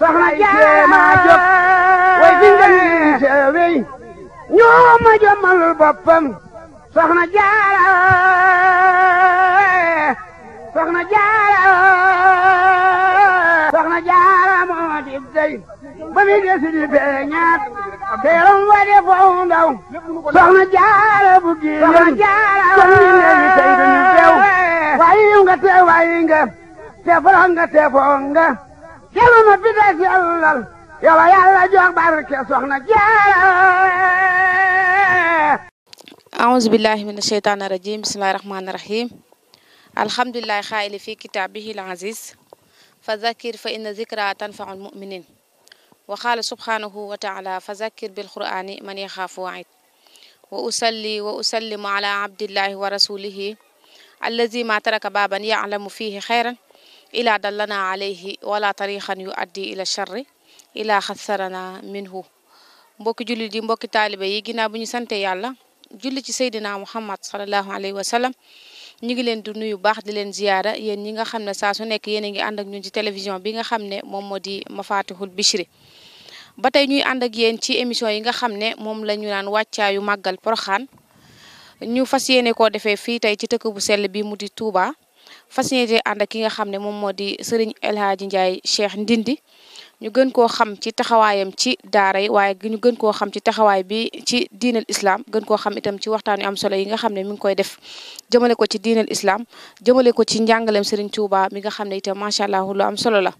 soxna jéema jóg way fi ngeen sewey jaara moo di ba mi des di feeñaat teeram wa de foofu ndaw soxna jaara bu génn soxna jaara kon te foroon te foon nga yàlla na bi des yàllal yàlla yàlla jox barke soxna jaara aousubillahi min asheytaan irajim bismillahi rahmaani rahim alhamdulilahi xaayili fi kitaabihi l aziz fa zakir fa inna zikra tanfau l muminin wa qaala subhaanahu wa taala fa zakir bil qur'aani man yaxaafu waid wa usalli wa usallimu ala abdillahi wa rasulihi allazi ma taraka baaban yalamu fihi xayran ilaa dallana alayhi wala tarixan yu addi ila charri ilaa xasarana minhu mbokki jullit yi mbokki taalibe yi ginnaaw bu ñu sante yàlla julli ci seydina muhammad salallahu alayhi wa sallam ñu ngi leen di nuyu baax di leen ziyaara yéen ñi nga xam ne saa su nekk yéen a ngi ànd ak ñun ci télévision bi nga xam ne moom moo di mafatihul bichri ba tey ñuy ànd ak yéen ci émission yi nga xam ne moom la ñu naan wàccaayu màggal poroxaan ñu fas yéene koo defee fii tey ci dëkk bu sell bi mu di tuuba fas yéene ànd ak ki nga xam ne moom moo di Serigne El Ndiaye Cheikh Ndindi ñu gën koo xam ci taxawaayam ci daara yi waaye ñu gën koo xam ci taxawaay bi ci diinal islam gën koo xam itam ci waxtaan yu am solo yi nga xam ne mi ngi koy def jëmale ko ci diinal islam jëmale ko ci njàngaleem Serigne Touba mi nga xam ne itam macha allah lu am solo la.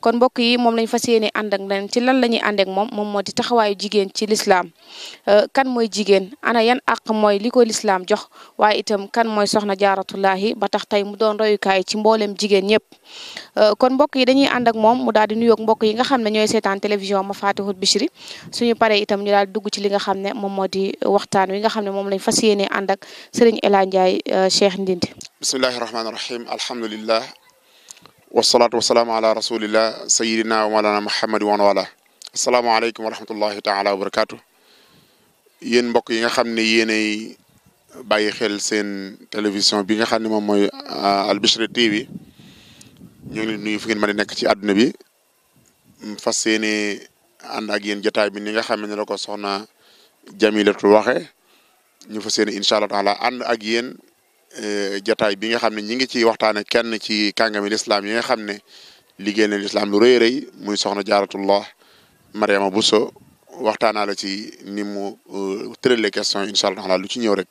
kon mbokk yi moom lañ fas yéene ànd ak ci lan la ñuy ànd ak moom moom moo di taxawaayu jigéen ci lislaam euh, kan mooy jigéen ana yan àq mooy li ko lislaam jox waaye itam kan mooy soxna jaaratullahi ba tax tey mu doon royukaay ci mboolem jigéen ñëpp euh, kon mbokk yi dañuy ànd ak moom mu daal di nuyoog mbokk yi nga xam ne ñooy seetaan télévision ma faatihul bichri suñu paree itam ñu daal dugg ci li nga xam ne moom moo di waxtaan wi nga xam ne moom lañ fas yéene ànd ak sëriñ Ela Ndiaye euh, Cheikh Ndindi bismillahi rahmaani rahim alhamdulillah wasalaatu wasalaamu ala rasulillah wa malana muhammad wa wala asalaamaaleykum wa rahmatullahi taala wa barakaatu yéen mbokk yi nga xam ne yéenay bàyyi xel seen télévision bi nga xam ne moom mooy euh, Al Bichri TV ñu ngi leen nuyu fu ngeen mën a nekk ci àdduna bi fas yéene ànd ak yéen jotaay bi ni nga xam ne la ko soxna Jamilatu waxe ñu fas yéene incha allah taala ànd ak yéen eh, jataay bi nga xam ne ñi ngi ciy waxtaane kenn ci kàngami lislaam yi nga xam ne liggéey na lislaam lu rëy rëy muy soxna jaaratullah Mariama Bousso waxtaanaa la ci ni mu eh, tërale question incha allah taala lu ci ñëw rek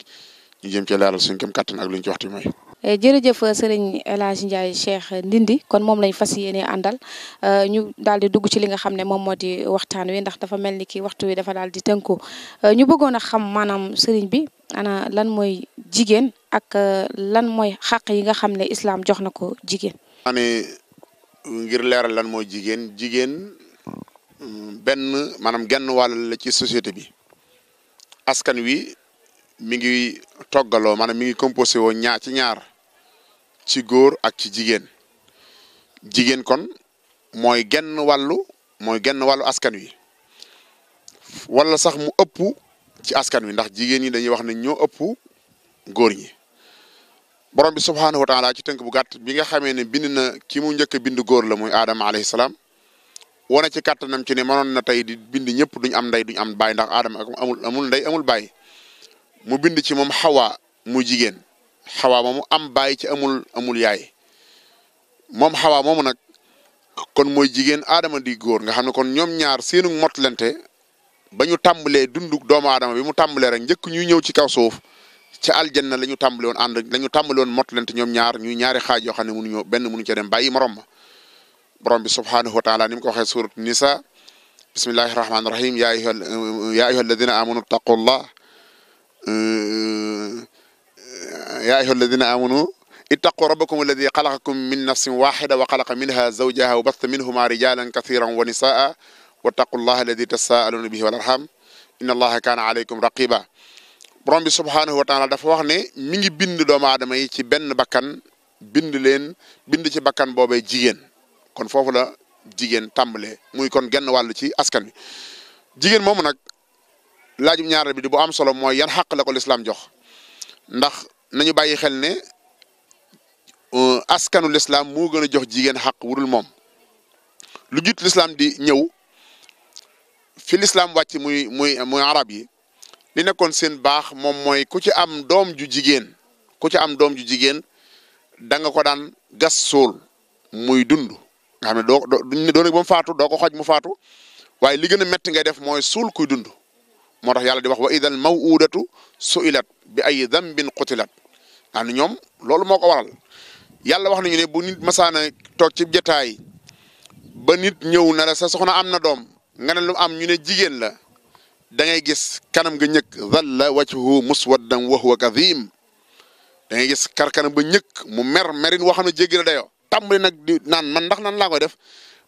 ñu jëm cee leeral suñ kam kàttan ak lu ñu ci waxtu mooy eh, jërëjëf euh, sëriñ El Hadj Ndiaye Cheikh Ndindi kon moom lañ fas yéene àndal euh, ñu daal di dugg ci li nga xam ne moom moo di waxtaan wi ndax dafa mel ni ki waxtu wi dafa daal di tënku euh, ñu bëggoon a xam maanaam sëriñ bi ana lan mooy jigéen ak lan mooy xaq yi nga xam ne islaam jox na ko jigéen. maanaam ngir leeral lan mooy jigéen jigéen mm, benn maanaam genn wàll la ci société bi askan wi mi ngi toggaloo maanaam mi ngi composé woo ñaar ci ñaar ci góor ak ci jigéen jigéen kon mooy genn wàllu mooy genn wàllu askan wi walla sax mu ëpp ci askan wi ndax jigéen ñi dañuy wax ne ñoo ëpp góor ñi borom bi subhaanahu wa taala ci tënk bu gàtt bi nga xamee ne bind na ki mu njëkk a bind góor la muy aadama alayhi salaam wane ci kàttanam ci ne mënoon na tey di bind ñëpp duñ am ndey duñ am baay ndax aadama amul amul ndey amul baay mu bind ci moom xawaa mu jigéen xawaa moomu am baay ci amul amul yaay moom xawaa moomu nag kon mooy jigéen aadama di góor nga xam ne kon ñoom ñaar seenu motlante ba ñu tàmbalee dunduk doomu aadama bi mu tàmbalee rek njëkk ñuy ñëw ci kaw suuf ci aljanna la ñu tàmbale woon ànd la ñu tàmbale woon motlante ñoom ñaar ñu ñaari xaaj yoo xam ne mënuñoo benn mënuñu ca dem bàyyi morom ma borom bi subhaanahu wa taala ni mu ko waxee surat nisa bismillahi rahmaani rahim yaa ayyuha alladina amanu taqullah yaa ayyuha alladina amanu ittaqu rabbakum alladi xalaqakum min nafsin waxida wa xalaqa minha zawjaha wa basta minhuma rijalan kathiran wa nisaa wattaqu llaha alladi tasaaluna bihi wal arham inna allaha kaana alaykum raqiba borom bi subhaanahu wa taala dafa wax ne mi ngi bind doomu aadama yi ci benn bakkan bind leen bind ci bakkan boobee jigéen kon foofu la jigéen tàmbalee muy kon genn wàll ci askan wi jigéen moomu nag laajum ñaareel bi di bu am solo mooy yan xàq la ko lislaam jox ndax nañu bàyyi xel ne euh, askanu lislaam moo gën a jox jigéen xàq wurul moom lu jiit lislaam di ñëw fi lislaam wàcc muy muy muy arab yi li nekkoon seen baax moom mooy ku ci am doom ju jigéen ku ci am doom ju jigéen da nga ko daan gas suul muy dund nga xam ne doo doo doo ba mu faatu doo ko xoj mu faatu waaye li gën a métti ngay def mooy suul kuy dund moo tax yàlla di wax wa idal mawuudatu suilat bi ay dambin qutilat naan ñoom loolu moo ko waral yàlla wax nañu ne bu nit masaana toog cib jataay ba nit ñëw na la sa soxna am na doom nga ne lu am ñu ne jigéen la dangay gis kanam nga ñëkk dhalla wajhu muswaddan wa huwa kadhim da ngay gis kar kanam ba ñëkk mu mer merin woo xam ne jéggi la dayoo tàmbali nag di naan man ndax nan laa koy def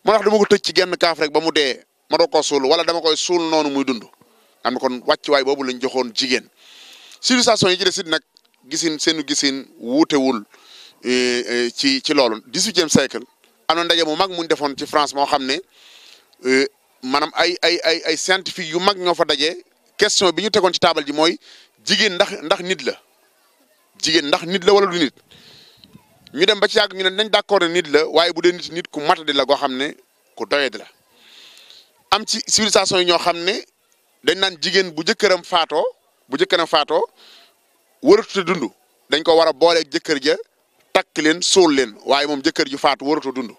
moo tax dama ko tëj ci genn kaaf rek ba mu dee ma doo ko suul wala dama koy suul noonu muy dund am na kon wàccuwaay boobu lañ joxoon jigéen civilisation yi ci des it nag gisin seenu gisin wuutewul eh, eh, ci ci loolu dix-huitième siècle am na ndaje mu mag muñ defoon ci France moo xam ne eh, maanaam ay ay ay ay scientifique yu mag ñoo fa daje question bi ñu tegoon ci taabal ji mooy jigéen ndax ndax nit la jigéen ndax nit la wala du nit ñu dem ba ci yàgg ñu ne nañ d'accord ne nit la waaye bu dee nit nit ku matadi la goo xam ne ku doyadi la am ci civilisation yi ñoo xam ne dañ naan jigéen bu jëkkëram faatoo bu jëkkëram faato waratuta dund dañ ko war a booleeg jëkkër ja takk leen suul leen waaye moom jëkkër ju faatu waratuta dund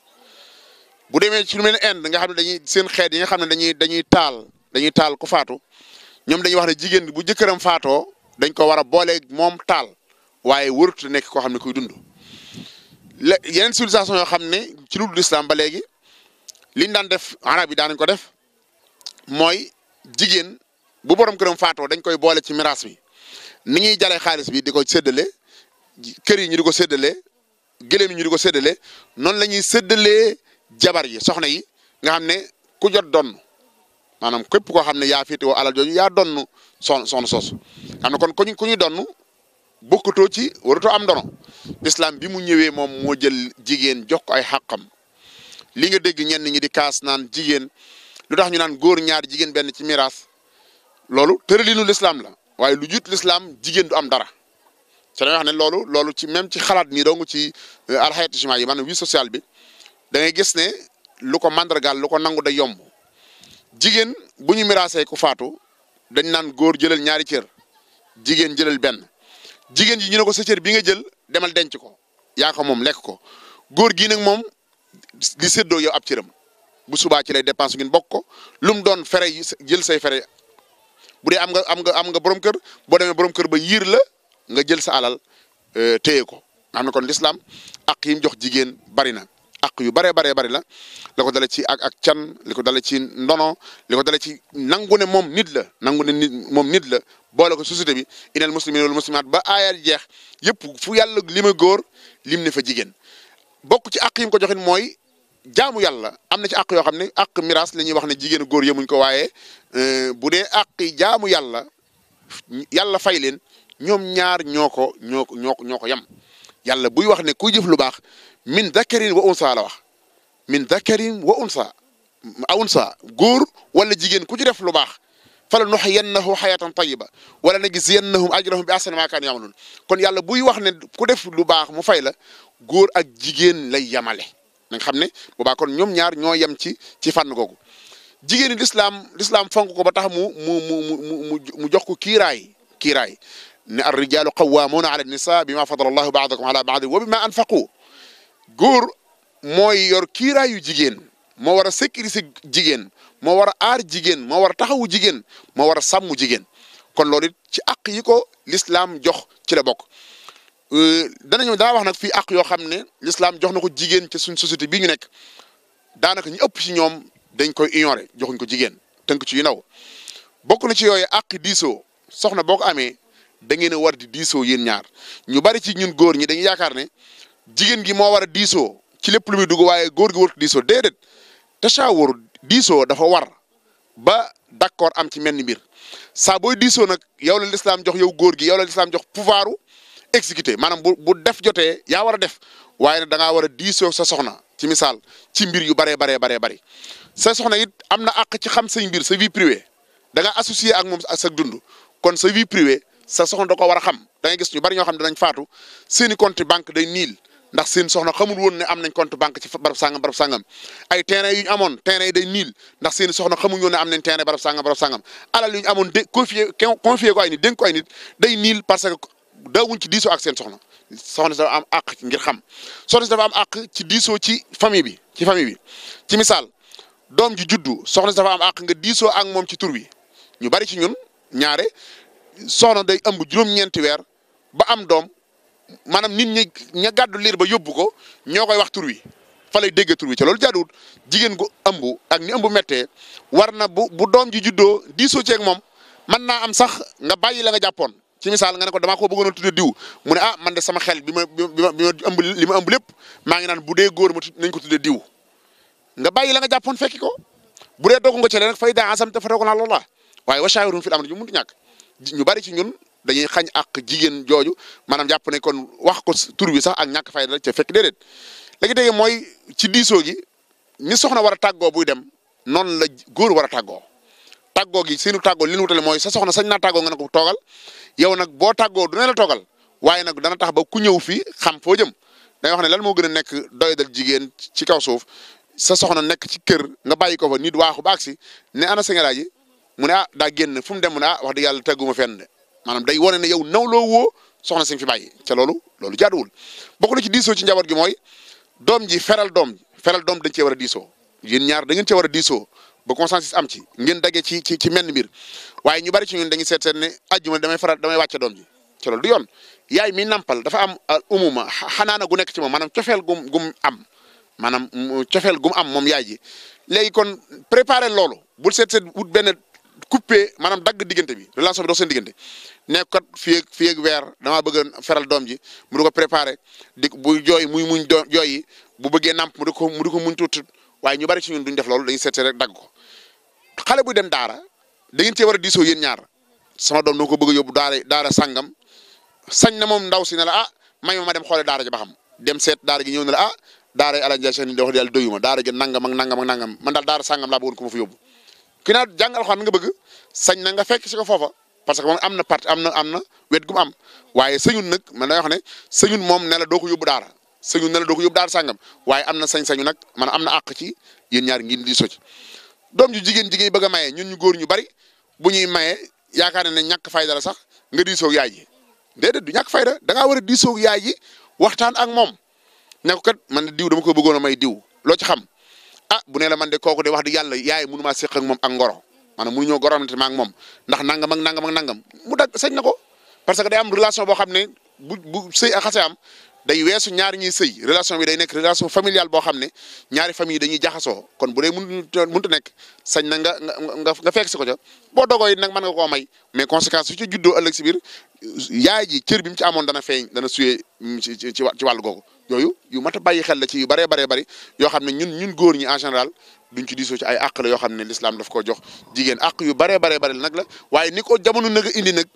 bu demee ci lu mel ne Inde nga xam ne dañuy seen xeet yi nga xam ne dañuy dañuy taal dañuy taal ku faatu ñoom dañuy wax ne jigéen bu jëkkëram faatoo dañ ko war a booleeg moom taal waaye waratuta nekk koo xam ne kuy dund la yeneen civilisation yoo xam ne ci lu dul islam ba léegi liñ daan def arab yi daanañ ko def mooy jigéen bu borom këram faatoo dañ koy boole ci miraas mi ni ñuy jalee xaalis bi di ko séddale kër yi ñu di ko séddale gëléem yi ñu di ko séddale noonu la ñuy séddalee jabar yi soxna yi nga xam ne ku jot donn maanaam képp koo xam ne yaa féetewoo alal jooju yaa donn son son soosu xam ne kon ku ku ñu donn bokkatoo ci waratoo am ndono islam bi mu ñëwee moom moo jël jigéen jox ko ay xàqam li nga dégg ñenn ñi di kaas naan jigéen lu tax ñu naan góor ñaari jigéen benn ci miraas loolu tëralinu lislaam la waaye lu jiitu lislaam jigéen du am dara te dañuy wax ne loolu loolu ci même ci xalaat nii dong ci euh, alxayat jumaa yi maanaam vie sociale bi da ngay gis ne lu ko màndargaal lu ko nangu da yomb jigéen bu ñu miraasee ku faatu dañ naan góor jëlal ñaari cër jigéen jëlal benn jigéen ji ñu ne ko sa cër bi nga jël demal denc ko yaa ko moom lekk ko góor gii nag moom di séddoo yow ab cëram. bu subaa ci lay dépense ngeen bokk ko lu mu doon fere yi jël say fere bu dee am nga am nga am nga borom kër boo demee borom kër ba yiir la nga jël sa alal euh, téye ko nga xam ne kon lislaam ak yi mu jox jigéen bari na ak yu baree baree bari la la ko dale ci ak ak can li ko dale ci ndono li ko dale ci nangu ne moom nit la nangu ne moom nit la boole ko société bi inal muslimin wal muslimaat ba aayaat jeex yëpp fu yàlla li ma góor lim ne fa jigéen bokk ci ak yi ko joxin mooy jaamu yàlla am na ci àq yoo xam ne àq miraas la ñuy wax ne jigéenu góor yemuñ ko waaye euh, bu dee àq jaamu yàlla yàlla fay leen ñoom ñaar ñoo ko ñoo ko ñoo ko yem yàlla buy wax ne ku jëf lu baax min dakarin wa unsa la wax min dakarin wa unsa a unsa góor wala jigéen ku ci def lu baax fala nuxyiyannahu xayatan tayiba wala najziyannahum ajrahum bi ahsani ma kaanu yamaluun kon yàlla buy wax ne ku def lu baax mu fay la góor ak jigéen lay yamale nañ xam ne boobaa kon ñoom ñaar ñoo yem ci ci fànn googu jigéeni lislaam lislaam fonk ko ba tax mu mu mu mu mu jox ko kiiraay kiiraay ne ar rijaalu qawwaamuuna ala nisaa bi ma fadala allahu baadakum ala baadin wa bi ma anfaqu góor mooy yor kiiraayu jigéen moo war a sécuriser jigéen moo war a aar jigéen moo war a taxawu jigéen moo war a sàmm jigéen kon loolu ci àq yi ko lislaam jox ci la bokk Euh, danañu daa wax nag fii ak yoo xam ne l'islam jox na ko jigéen ci suñ société bii ñu nekk daanaka ñu ëpp ci ñoom dañ koy ignorer joxuñ ko jigéen ko ci yu ndaw bokk na ci yooyu àq diisoo soxna boo ko amee da ngeen war di diisoo yéen ñaar ñu bari ci ñun góor ñi dañuy yaakaar ne jigéen gi moo war a diisoo ci lépp lu muy dugg waaye góor gi warut diisoo déedéet tashawur diisoo dafa war ba d'accord am ci mel ni mbir saa booy diisoo nag yow la lislaam jox yow góor gi yow la lislaam jox pouvoiru exécuté maanaam bu bu def jotee yaa war a def waaye nag da ngaa war a diisoo sa soxna ci misaal ci mbir yu baree baree baree bari sa soxna it am na àq ci xam say mbir sa vie privée da nga associé ak moom ak sa dund kon sa vie privée sa soxna da ko war a xam da ngay ñu bari ñoo xam danañ faatu seeni compte banque day niil ndax seen soxna xamul woon ne am nañ banque ci barab sangam barab sangam ay terrain yu ñu amoon terrain yi ndax seen soxna xamuñ woon ne am nañ terrain barab sangam barab sangam alal yu ñu amoon de confier ko ay nit dénk ko ay nit day niil parce que daawuñ ci diisoo ak seen soxna soxna si am àq ngir xam soxna si am àq ci diisoo ci famille bi ci famille bi ci misaal doom ji juddu soxna si dafa am àq nga diisoo ak moom ci tur ñu bari ci ñun ñaare soxna day ëmb juróom-ñeenti weer ba am doom maanaam nit ñi ña gàddu liir ba yóbbu ko ñoo koy wax tur wi fa lay dégg tur ca loolu jaaduwut jigéen gu ëmb ak ni ëmb méttee war na bu bu doom ji juddoo diisoo ceeg moom mën naa am sax nga bàyyi la nga jàppoon ci misaal nga ne ko damaa ko bëggoon a tudde diw mu ne ah man de sama xel bi ma bi ma bi ma ëmb li ma lépp maa ngi naan bu dee góor ma nañ ko tudde diw nga bàyyi la nga jàppoon fekki ko bu dee doog nga ci leen fay daa asam te fa doog naa loola waaye wa shaawirum fil amri ñu mënut ñàkk ñu bari ci ñun dañuy xañ ak jigéen jooju maanaam jàpp ne kon wax ko tur bi sax ak ñàkk fayda ca fekk déedéet léegi dégg mooy ci diisoo gi ni soxna war a tàggoo buy dem noonu la góor war a tàggoo tàggoo gi seenu tàggoo li ñu wutale mooy sa soxna sañ na tàggoo nga ne ko toogal yow nag boo tàggoo du ne la toogal waaye nag dana tax ba ku ñëw fii xam foo jëm danga wax ne lan moo gën a nekk doy dal jigéen ci kaw suuf sa soxna nekk ci kër nga bàyyi ko fa nit waaxu ba agsi ne ana singara ji mu ne ah daa génn fu mu dem mu ne ah wax dëgg yàlla tegguma fenn de maanaam day wone ne yow naw loo woo soxna si fi bàyyi ca loolu loolu jaaduwul bokk na ci diisoo ci njaboot gi mooy doom ji feral doom feral doom dañ cee war a diisoo yéen ñaar da cee a diisoo ba consensus am ci ngeen dagge ci ci ci menn mbir waaye ñu bari ci ñun dañuy seet seet ne àjjuma damay faral damay wàcce doom ji ci loolu du yoon yaay mi nampal dafa am euh, umuma xanaana gu nekk ci moom maanaam cofeel gum gum am maanaam mm, cofeel gum am moom yaay ji léegi kon préparer loolu bul seet seet wut benn coupé maanaam dagg diggante bi relation bi dox seen diggante nekk kat fii ak fii ak weer damaa bëgg a feral doom ji mu di ko préparer di bu jooy muy muñ jooy bu bëggee namp mu di ko mu di ko muñ tuut waaye ñu bari ci ñun duñ def loolu dañuy seetee rek dagg ko xale buy dem daara da ngeen cee war a diisoo yéen ñaar sama doom doo ko bëgg a daara daara sangam sañ na moom ndaw si ne la ah may ma ma dem xoole daara ji ba xam dem seet daara gi ñëw na a ah daara yi Alaaji Cheikh ni di wax yàlla doyuma daara ji nangam ak nangam ak nangam man daal daara sangam laa bëggoon ko ma fa yóbbu ki naa nga bëgg sañ na nga fekk si ko foofa parce que moom am na parti am na am na wet gu mu waaye sëñun nag man da wax ne sëñun moom ne la doo ko yóbbu daara sañu ne la doo ko daal sangam waaye am na sañ-sañu nag man am na àq ci yéen ñaar ngeen di soci doom ju jigéen jigéen bëgg a maye ñun ñu góor ñu bari bu ñuy maye yaakaar ne ñàkk fayda la sax nga diisoog yaay ji déedéet du ñàkk fayda da ngaa war a diisoog yaay ji waxtaan ak moom ne ko kat man diw dama ko bëggoon a may diw loo ci xam ah bu ne la man de kooku de wax di yàlla yaay mënu maa séq ak moom ak ngoro maanaam mënuñoo goromante ma ak moom ndax nangam ak nangam ak nangam mu dag sañ na ko parce que da am relation boo xam ne bu bu sëy ak xase am day weesu ñaari ñuy sëy relation bi day nekk relation familial boo xam ne ñaari famille dañuy jaxasoo kon bu dee mun mënut nekk sañ na nga nga nga fekk si ko ca boo dogoo nag mën nga koo may mais conséquence su ci juddoo ëllëg si yaay ji cër bi mu ci amoon dana feeñ dana suyee ci ci ci wàllu googu yooyu yu mat a bàyyi xel la ci yu bëree bari yoo xam ne ñun ñun góor ñi en général duñ ci diisoo ci ay àq la yoo xam ne l'islam daf koo jox jigéen àq yu bëree bëree bëri nag la waaye ni ko jamono nag indi nag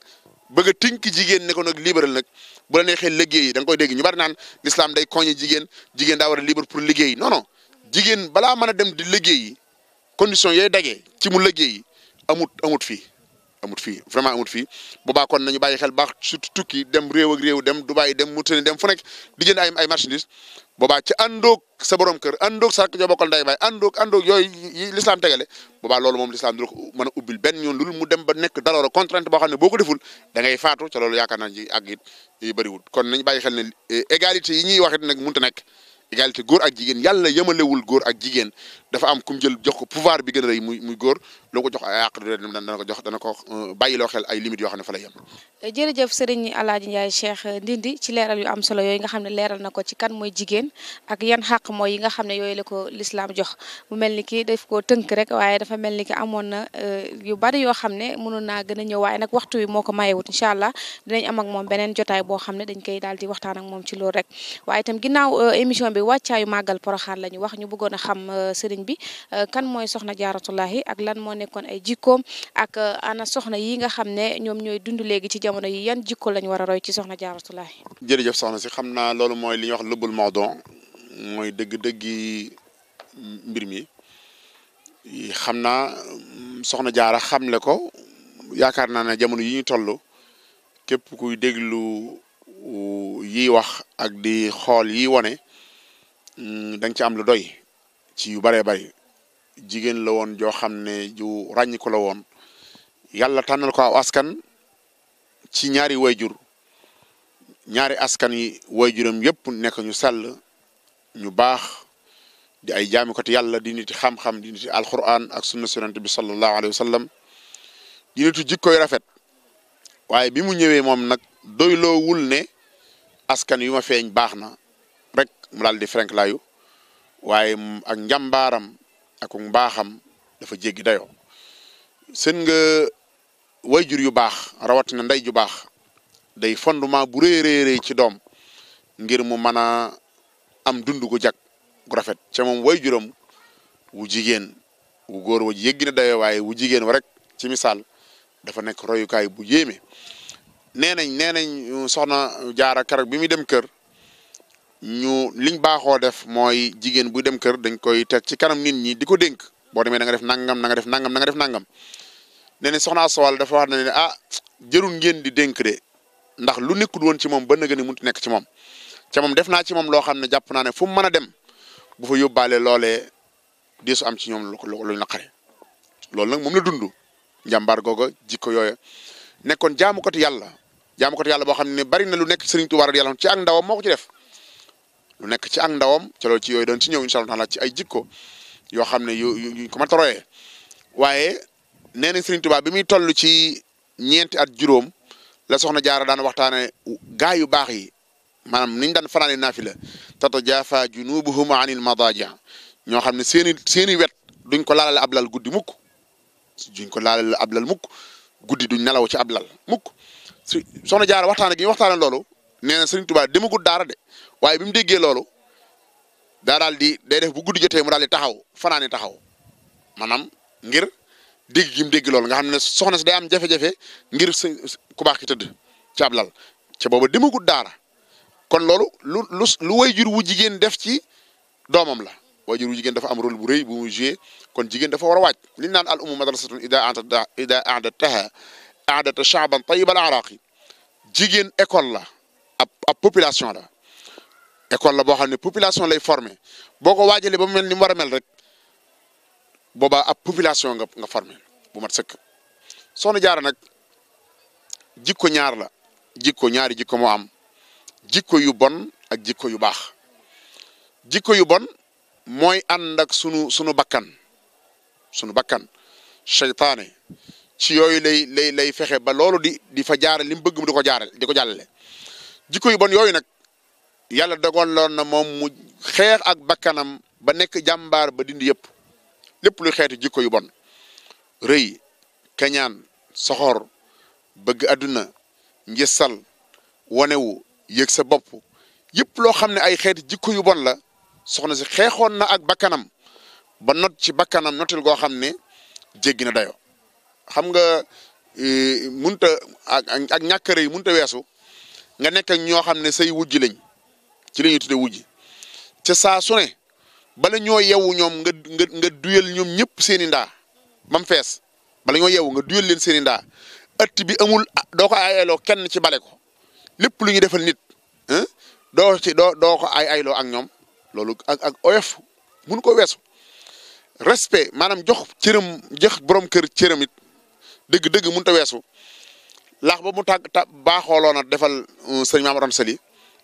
bëgg tink jigéen ne ko nag libéral nag bu la neexee liggéey yi da koy dégg ñu bari naan l'islam day koñe jigéen jigéen daa war a libre pour liggéey non non jigéen balaa mën a dem di liggéey yi condition yooyu dagee ci mu liggéey yi amut amut fii amut fii vraiment amut fii boobaa kon nañu bàyyi xel baax surtout tukki dem réew ak réew dem Dubaay dem Mauritanie dem fu nekk di jënd ay ay marchandises boobaa ci àndoog sa borom kër àndoog sa rakk joo bokkal nday baay àndoog àndoog yooyu yi lislaam tegale boobaa loolu moom lislaam du ko mën a ubbil benn yoon loolu mu dem ba nekk daloora contrainte boo xam ne boo ko deful da ngay faatu ca naa ci ak it bëriwul kon nañu bàyyi xel ne eh, égalité yi ñuy wax it nag nekk égalité góor ak jigéen yàlla yemalewul góor ak jigéen dafa am kum jël jox ko pouvoir bi gën a rëy muy muy góor loo ko jox a àq dana jox dana ko euh, bàyyiloo xel a limites yoo xam ne fa la yem. jërëjëf sëriñ Alaaji Ndiaye Cheikh Ndindi ci leeral yu am solo yooyu nga xam ne leeral na ko ci kan mooy jigéen ak yan xàq mooy yi nga xam ne yooyu la ko lislaam jox mu mel ni ki def koo tënk rek waaye dafa mel ni ki amoon na euh, yu bari yoo xam ne mënoon naa gën a ñëw waaye nag waxtu wi moo ko mayewut incha allah dinañ am ak moom beneen jotaay boo xam ne dañ koy daal di waxtaan moom ci rek bi wàccaayu màggal poroxaan la ñu wax ñu bëggoon a xam euh, sëriñ bi euh, kan mooy soxna jaaratullahi ak lan moo nekkoon ay jikkoom ak euh, ana soxna yi nga xam ne ñoom ñooy dund léegi ci jamono yi yan jikkoo la ñu war a roy ci soxna jaaratullahi jërëjëf soxna si xam na loolu mooy li ñuy wax lëbbul mawdon mooy dëgg-dëggi mbir mi xam naa soxna jaara xamle ko yaakaar naa ne jamono yi ñu toll képp kuy déglu yiy wax ak di xool yi wane Mm, da ci am lu doy ci yu baree bari jigéen la woon joo xam ne ju ràññ ko la woon yàlla tànnal ko aw askan ci ñaari wayjur ñaari askan yi wayjuram yëpp nekk ñu sell ñu baax di ay jaamikoti yàlla di niti xam-xam di niti alquran ak sunna sunante bi sallallahu alayhi wa sallam di nitu jikkoy rafet waaye bi mu ñëwee moom nag doyloowul ne askan yu ma feeñ baax na rek mu daal di frank layu waaye ak njàmbaaram ak mbaaxam dafa jéggi dayoo seen nga wayjur yu baax rawatina nday ju baax day fondement bu rëy rëy ci doom ngir mu mën a am dund gu jag gu rafet ca moom wayjuram wu jigéen wu góor wa yéggi na waaye wu jigéen wa rek ci misaal dafa nekk royukaay bu yéeme nee nañ nee nañ soxna jaara keroog bi muy dem kër ñu liñ baaxoo def mooy jigéen buy dem kër dañ koy teg ci kanam nit ñi di ko dénk boo demee da nga def nangam na nga def nangam na nga def nangam nee na soxna Sowal dafa wax na ne ah jërul ngeen di dénk ndax lu nekkul woon ci moom ba nga ni mënut nekk ci moom ca moom def naa ci moom loo xam ne jàpp naa ne fu mën a dem bu fa yóbbaale loolee di su am ci ñoom luñ la xare loolu na moom la dund njàmbaar googa jikko yooya nekkoon jaamukatu yàlla jaamukatu yàlla boo xam ne bari na lu nekk Serigne Touba yàlla ci ak ndawa moo ko ci def. lu nekk ci ak ndawam ci loolu ci yooyu doon ci ñëw incha allah ci ay jikko yoo xam ne yu yuñ ko ma toroyee waaye nee na Serigne bi muy toll ci ñeenti at juróom la soxna jaara daan waxtaane gaa yu baax yi maanaam niñ daan fanaane naafila tatajaafaa junubuhum anil madaaji ñoo xam ne seeni seeni wet duñ ko laalale ab guddi mukk duñ ko laalale ab lal mukk guddi duñ nelaw ci ab lal mukk soxna jaara waxtaane gi ñu waxtaane loolu nee na Serigne Touba demagul daara de waaye bi mu déggee loolu daa daal di day def bu guddi jotee mu daal di taxaw fanaane taxaw maanaam ngir dégg gi mu dégg loolu nga xam ne soxna si day am jafe-jafe ngir sa ku baax ki tëdd ci ab ca booba demagul daara kon loolu lu lu lu wayjur wu jigéen def ci doomam la wayjur wu jigéen dafa am rôle bu rëy bu muy joué kon jigéen dafa war a waaj li ñu naan al ummu madrasatun ida ida aadataha aadata shaaban tayyibal araqi jigéen école la ab population la école la boo xam ne population lay former boo ko waajalee ba mu mel ni mu war a mel rek boobaa ab population nga nga former bu mat sëkk. Soxna Jaara nag jikko ñaar la jikko ñaari jikko moo am jikko yu bon ak jikko yu baax jikko yu bon mooy ànd ak sunu bakkan sunu bakkan seytaane ci yooyu lay lay lay fexe ba loolu di di fa jaare li mu bëgg mu di ko jaare di ko jàllale. jikko yu bon yooyu nag yàlla dogoon loon na moom mu xeex ak bakkanam ba nekk jàmbaar ba dindi yëpp lépp lu xeet jikko yu bon rëy kañaan soxor bëgg àdduna njësal wanewu yëg sa bopp yëpp loo xam ne ay xeeti jikko yu bon la soxna si xeexoon na ak bakkanam ba not ci bakkanam notil goo xam ne jéggi na dayo xam nga eh, munta ak ak ñàkk rëy munta weesu nga nekk ak ñoo xam ne sey wujji lañ ci la ñuy tuddee wujj te saa su ne bala ñoo yewu ñoom nga duyel nga ñoom ñëpp seen i ndaa ba fees bala ñoo yewu nga duyal leen seen i ndaa ëtt bi amul doo ko aayaloo kenn ci bale ko lépp lu ñu defal nit doo ci doo doo ko ay aylo ak ñoom loolu ak ak oyof mun ko weesu respect maanaam jox cëram jox borom kër cëram it dëgg-dëgg mënut a weesu. laax ba mu tàgg ta baaxooloon a defal euh, sëñ Maam Aram Sali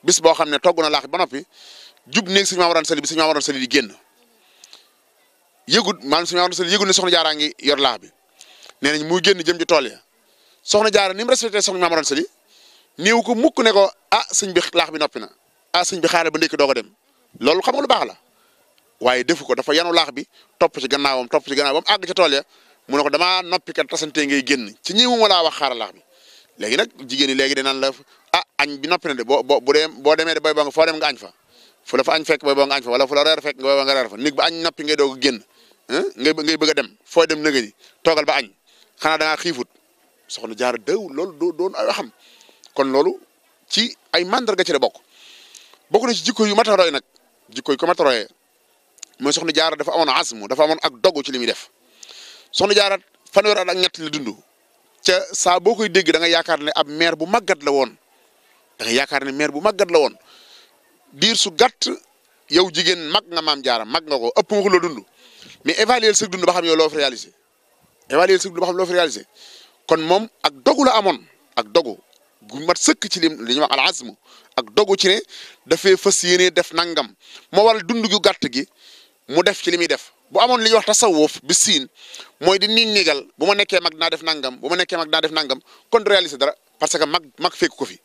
bis boo xam ne togg na laax ba noppi jub néeg sëñ Maam Aram Sali bi sëñ Maam Aram Sali di génn yëgut maanaam sëñ ne soxna jaaraa ngi yor laax bi nee nañ mu génn jëm ci tool ya soxna jaara ni mu respecté soxna Maam Aram Sali néew ko mukk ne ko ah sëñ bi laax bi noppi na ah sëñ bi xaaral ba ndékki doog a dem loolu xam nga lu baax la waaye defu ko dafa yanu laax bi topp ci gannaawam topp ci gannaawam àgg ca tool ya mu ne ko dama noppi kat tasante ngay génn ci ñi laa wax xaaral bi léegi nag jigéen ñi léegi dinaan la ah añ bi noppi na de boo boo dee boo demee de bay ba nga foo dem nga añ fa fu la fa añ fekk bay ba nga añ fa wala fo la reer fekk bay ba nga reer fa nit ba añ noppi ngay doog a ngay bëgg a dem foo dem nëga ni toogal ba añ xanaa da ngaa xiifut soxna jaara daw doon ay xam kon loolu ci ay mandarga ci bokk bokk na ci jikko yu mat nag jikko yu ko mat a royee mooy dafa amoon asmu dafa amoon ak dogu ci li muy def soxna jaara fanweer at ak ñett la dund ca saa boo koy dégg da nga yaakaar ne ab maire bu màggat la woon yaakaar ne maire bu màggat la woon diir su gàtt yow jigéen mag nga maam jaara mag nga ko ëpp nga ko la dund mais évaluer sa dund ba xam yow loo fi réalisé évaluer sa kon moom ak dogu la amoon ak dogu gu mat sëkk ci lim li ñuy wax al azm ak dogu ci ne dafay fas yéenee def nangam moo waral dund gu gàtt gi mu def ci li muy def bu amoon li ñuy wax tasawuf bi siin mooy di niig niigal bu ma nekkee mag dinaa def nangam bu ma nekkee mag dinaa def nangam kon du réaliser dara parce que mag mag fekk ko fi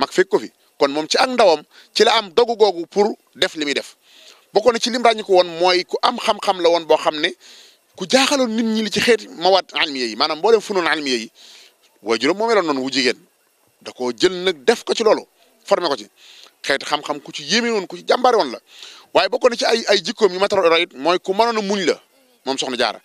mag fekk ko fi kon moom ci ak ndawam ci la am dogu googu pour def li muy def bokkoon na ci lim ràññi ko woon mooy ku am xam-xam la woon boo xam ne ku jaaxaloon nit ñi li ci xeet mawaat almiya yi maanaam mboolem funoon almiya yi waajuram moo meloon noonu wu jigéen da koo jël nag def ko ci loolu formé ko ci. xeeti xam-xam ku ci yéeme woon ku ci jàmbare woon la waaye bokk na ci ay ay jikkoom yu ma taroon roy it mooy ku mënoon a muñ la moom soxna jaara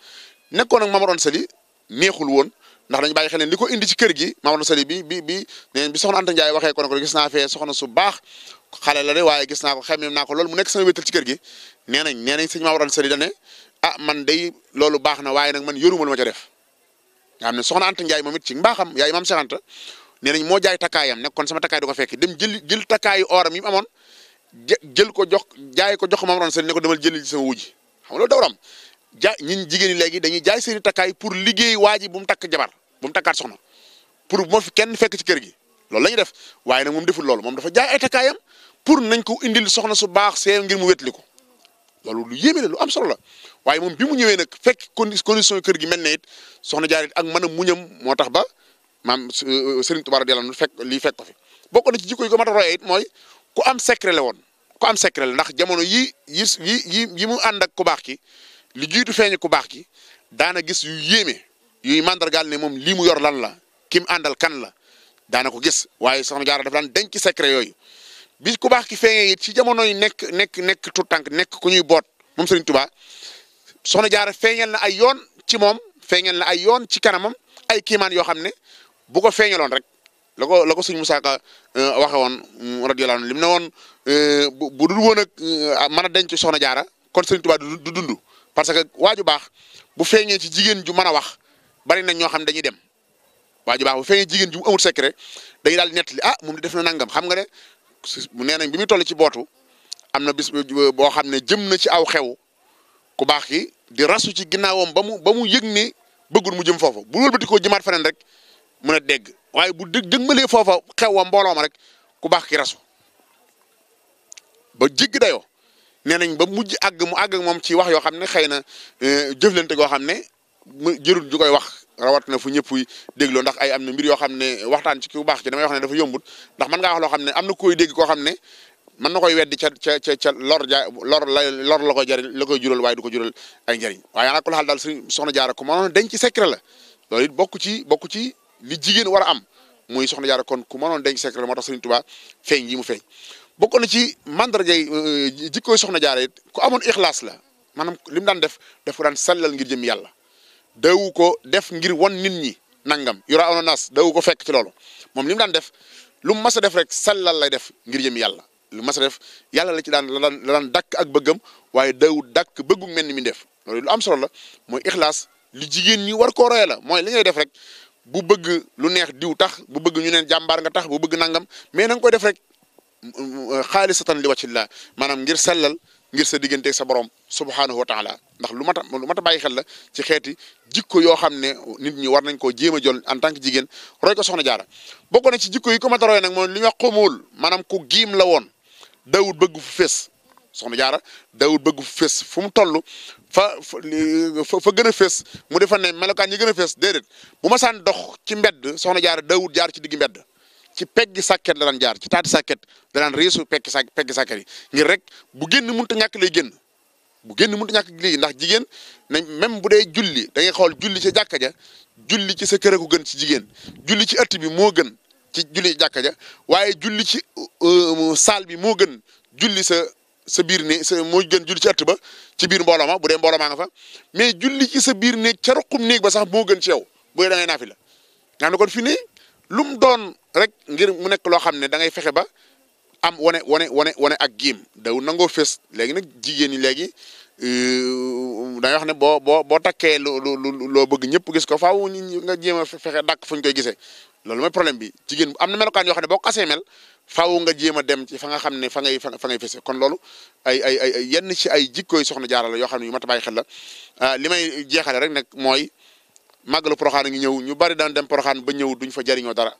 nekkoon ak mamaroon sali neexul woon ndax dañu bàyyi xel ne li ko indi ci kër gi mamaroon sali bi bi bi neen bi soxna Anta Ndiaye waxee ko ne ko gis naa fee soxna su baax xale la waaye gis naa ko xemmeem naa ko loolu mu nekk sama wéttal ci kër gi nee nañ nee nañ sëñ mamaroon sali da ne ah, man day loolu baax na waaye nag man yoruma lu ma ca def nga xam ne soxna Anta Ndiaye moom it ci mbaaxam yaay maam Cheikh Anta nee nañ moo jaay takkaayam ne kon sama takkaay du ko fekk dem jël jël takkaayu ooram yi mu amoon jël ko jox jaay ko jox ko Maam seen Sali ne ko demal jël ci sama wujj xam nga loolu dawram ja ñun jigéen ñi léegi dañuy jaay seeni takkaay pour liggéey waa ji bu mu takk jabar bu mu takkaat soxna pour moo kenn fekk ci kër gi loolu la ñuy def waaye nag moom deful loolu moom dafa jaay ay takkaayam pour nañ ko indil soxna su baax seen ngir mu wétli ko loolu lu yéeme la lu am solo waaye moom bi mu ñëwee nag fekk condition kër gi mel ne soxna jaar it ak mën a muñam moo tax ba maam euh, euh, Serigne Touba radiyallahu nu fekk lii fekk ko fi bokk na ci jikko yi ko mat a royee mooy ku am secret la woon ko am secret la ndax jamono yi yi yi yi mu ànd ak ku baax ki li jiitu feeñ ku baax ki daana gis yu yéeme yuy mandargaal ne moom lii mu yor lan la kim àndal kan la daana ko gis waaye soxna Jaara dafa daan denc secret yooyu bi ku baax ki feeñee it ci jamono yi nekk nekk nekk tout tànk nekk ku ñuy boot moom Serigne Touba soxna Jaara feeñal na ay yoon ci moom feeñal na ay yoon ci kanamam ay kiimaan yoo xam ne bu ko feeñaloon rek la ko la ko suñ Moussa Ka euh, waxe woon mm, radiyallahu anhu lim ne woon euh, bu dul woon ak euh, mën a denc soxna jaara kon sëñ Tuubaa du dund parce que waa ju baax bu feeñee ci jigéen ju mën a wax bari nañ ñoo xam dañuy dem waa ju baax bu feeñee jigéen ju amul secret dañuy daal di li ah moom di def na nangam xam nga ne nee nañ bi muy toll ci bootu am na bis boo xam ne jëm na ci aw xew ku baax ki di rasu ci ginnaawam ba mu ba mu yëg ne bëggul mu jëm foofu bu loolu ba di ko jëmaat feneen rek mën a dégg waaye bu dëg dëgmalee foofa xew wa mbooloo ma rek ku baax ki rasu ba jéggi dayoo nee nañ ba mujj àgg mu àgg moom ci wax yoo xam ne xëy na euh, jëflante goo xam ne mu jërul ju koy wax rawat na fu ñëpp dégloo ndax ay am na mbir yoo xam ne waxtaan ci ku baax ci damay wax ne dafa yombut ndax mën ngaa wax loo xam ne am na koy dégg koo xam ne mën na koy weddi ca ca ca ca lor ja lor la lor la koy jëriñ la koy jural waaye du ko jural ay njëriñ waaye alaa kulli xaal daal suñ soxna jaara ku ma denc secret la loolu bokk ci bokk ci li jigéen war a am mooy soxna jaara kon ku mënoon denc secret moo tax Serigne Touba feeñ yi mu feeñ bokk na ci mandargay euh, jikkooy soxna jaara it ku amoon ixlaas la maanaam li mu daan def daf sellal ngir jëm yàlla dawu ko def ngir won nit ñi nangam yura aw ko fekk ci loolu moom li mu daan def lu mu a def rek sellal lay def ngir jëm yàlla lu masa def yàlla la ci daan la daan dakk ak bëggam waaye dawu dakk bëggu mel ni mi def loolu lu am solo la mooy ixlaas li jigéen ñi war ko roye la mooy li ngay def rek bu bëgg lu neex diw tax bu bëgg ñu neen jàmbaar nga tax bu bëgg nangam mais na nga koy def rek xaalisatan li la maanaam ngir sellal ngir sa digganteeg sa borom subhaanahu wa taala ndax lu mat a lu mat a bàyyi xel la ci xeeti jikko yoo xam ne nit ñi war nañ koo jéem a jël en tant que jigéen roy ko soxna jaara bokk na ci jikko yi ko mat a roy nag moom li ñu wax xumul maanaam ku giim la woon dawut bëgg fu fees soxna jaara daawul bëgg fés fu mu toll fa fa gën a fés mu defa ne melokaan yi gën a fés déedéet bu ma saan dox ci mbedd soxna jaara daawul jaar ci digg mbedd ci peggi sàkket la daan jaar ci taati sàkket da daan riisu peggi sa peggi sàkket yi ngir rek bu génn mënut ta ñàkk lay génn bu génn mënut a ñàkk léegi ndax jigéen nañ même bu dee julli da xool julli ci jàkka ja julli ci sa kër gën ci jigéen julli ci ëtt bi moo gën ci julli ci jàkka ja waaye julli ci euh, euh, saal bi moo gën julli sa sa biir ne sa moo gën julli ci ëtt ba ci biir mbooloo bu dee mbooloo maa nga fa mais julli ci sa biir néeg ca ruqum néeg ba sax moo gën ci yow booy da ngay naafi la nga xam kon fi ne lu mu doon rek ngir mu nekk loo xam ne da ngay fexe ba am wane wane wane wane ak giim daw nangoo fees léegi nag jigéen ñi léegi euh, dañuy wax ne boo boo boo takkee lu lu loo bëgg ñëpp gis ko faaw nga jéem a fexe dàq fu ñu koy gisee loolu mooy problème bi jigéen am na melokaan yoo xam ne boo xasee mel faaw nga jéem a dem ci fa nga xam ne fa ngay fa ngay fese kon loolu ay ay ay yenn ci ay jikkooy soxna jaara la yoo xam ne yu mat a bàyyi xel ah, li may jeexale rek nag mooy màggalu a ngi ñëw ñu bari daan dem poroxaan ba ñëw duñ fa jariñoo dara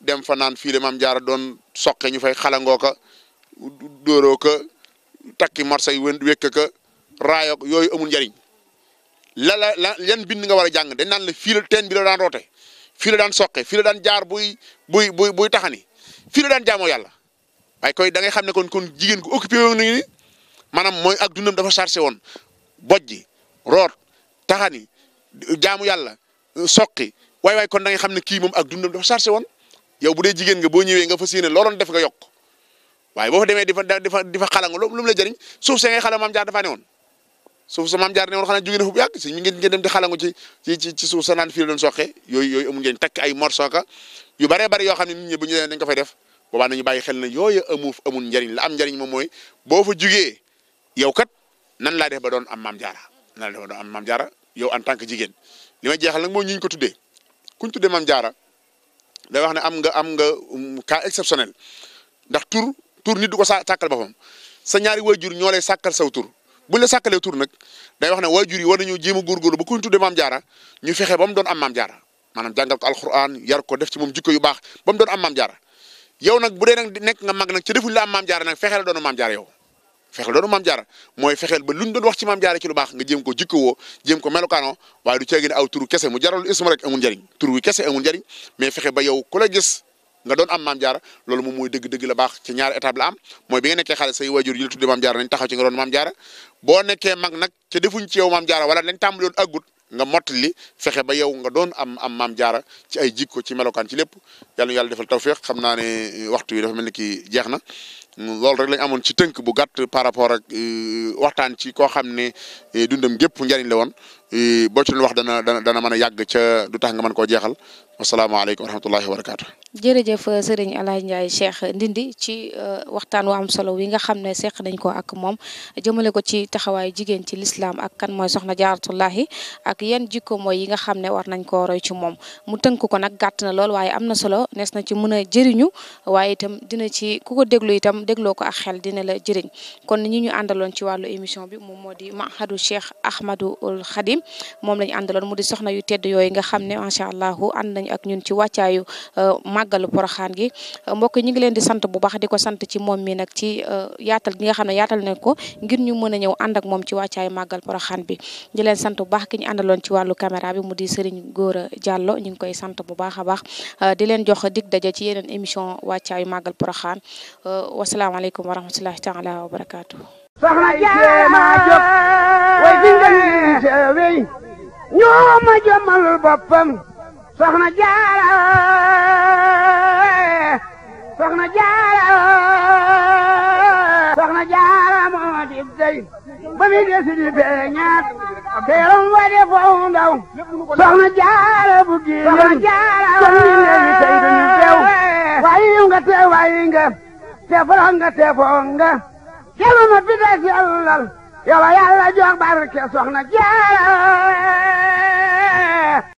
dem fa naan fii de maam jaara doon soqe ñu fay xalangoo ka dóoroo ka takki morso yi wékk yooyu amul njariñ la la la yan bind nga war a jàng dañ naan la fii la teen bi la daan roote fii la daan soqe fii la daan jaar buy buy buy buy taxani fii la daan jaamoo yàlla waaye koy da xam ne kon kon jigéen gu occupé woon nañu ni maanaam mooy ak dundam dafa chargé woon bojji root taxani jaamu yàlla soqi waay waay kon da xam ne kii moom ak dundam dafa chargé woon yow bu dee jigéen nga boo ñëwee nga fas yéene looloon def nga yokk waaye boo fa demee di fa di fa di fa xalangu lu mu la jëriñ suuf sa ngay xala maam jaar dafaa ne woon suuf sa maam jaar ne woon xanaa jóge na fu bu yàgg si ñu ngeen ngeen dem di xalangu ci sa naan fii la yooyu yooyu amul ngeen takk ay morsoka yu baree bari yoo xam ne nit ñi bu ñu leen dañ ko fay def boobaa nañu bàyyi xel na yooyu amuuf amul njariñ la am njariñ moom mooy boo fa jugee yow kat nan laa def ba doon am maam jaara nan laa def ba doon am maam yow en tant que jigéen li may jeexal nag mooy ñu ko tuddee kuñ tuddee maam jaara day wax ne am nga am nga um, cas exceptionnel ndax tur tur nit du ko sa sàkkal boppam sa ñaari waajur ñoo lay sàkkal saw tur buñ la sàkkalee tur nag day wax ne waajur yi war nañu jéem a góorgóorlu ba kuñ tuddee maam jaara ñu fexe ba mu doon am maam jaara maanaam jàngal ko alxuraan yar ko def ci moom jikko yu baax ba doon am maam jaara yow nag bu dee nag nekk nga mag nag ci defuñ la am maam jaara nag fexeel doonu maam mooy fexeel ba luñ doon wax ci maam jaara ci lu baax nga jéem ko jikko woo jéem ko melokaanoo waaye du ceegin aw turu kese mu jaral isma rek amul yow ku la gis nga doon am maam loolu moom mooy dëgg-dëgg la baax ci ñaari étape la am mooy bi nga nekkee xale say waajur yi la tudde maam jaara nañ taxaw ci nga doon maam jaara boo nekkee mag nag ca defuñ ci maam jaara wala lañ tàmbali woon aggut nga mottali fexe ba yow nga doon am am maam jaara ci ay jikko ci melokaan ci lépp yàlla na yàlla defal tawféex xam naa ne euh, waxtu wi dafa mel ni kii jeex na mm, loolu rek lañ amoon ci tënk bu gàtt par rapport ak euh, waxtaan ci koo xam ne euh, dundam gépp njariñ la woon boo ci doon wax dana dana dana mën a yàgg ca du tax nga mën koo jeexal wasalaamaaleykum wa rahmatullahi wa jërëjëf euh, sëriñ Alaay Ndiaye Cheikh Ndindi ci euh, waxtaan waa am solo wi nga xam ne seq nañ ko ak moom jëmale ko ci taxawaayu jigéen ci lislaam ak kan mooy soxna jaaratullahi ak yan jikko mooy yi nga xam ne war nañ koo roy ci moom mu tënk ko nag gàtt na lool waaye am na solo nees na ci mën jëriñu waaye itam dina ci ku ko déglu itam dégloo ko ak xel dina la jëriñ kon ñi ñu àndaloon ci wàllu émission bi moom moo di Mahadu Cheikh Ahmadul Khadim moom lañu àndaloon mu di soxna yu tedd yooyu nga xam ne macha allah ànd nañ ak ñun ci wàccaayu euh, màggalu poroxaan gi euh, mbokk ñi ngi leen di sant bu baax di ko sant ci moom mi nag ci euh, yaatal gi nga xam ne yaatal nañ ko ngir ñu mën a ñëw ànd ak moom ci wàccaayu màggal poroxaan bi ñu leen sant bu baax ki ñu àndaloon ci wàllu caméra bi mu di Serigne Gora Diallo ñu ngi koy sant bu baax a baax di leen jox dig daje ci yeneen émission wàccaayu màggal poroxaan wasalaamaaleykum wa rahmatullahi taala wa barakaatu soxna jéema jóg way fi nga nii seewey ñoo jaara moo di ba mi desi di feeñaat teeram wa de foofu ndaw soxna jaara bu giiñam soxna jaara te faral te foog nga xeluma bi da sellal yow yàlla jox barke soxna jaara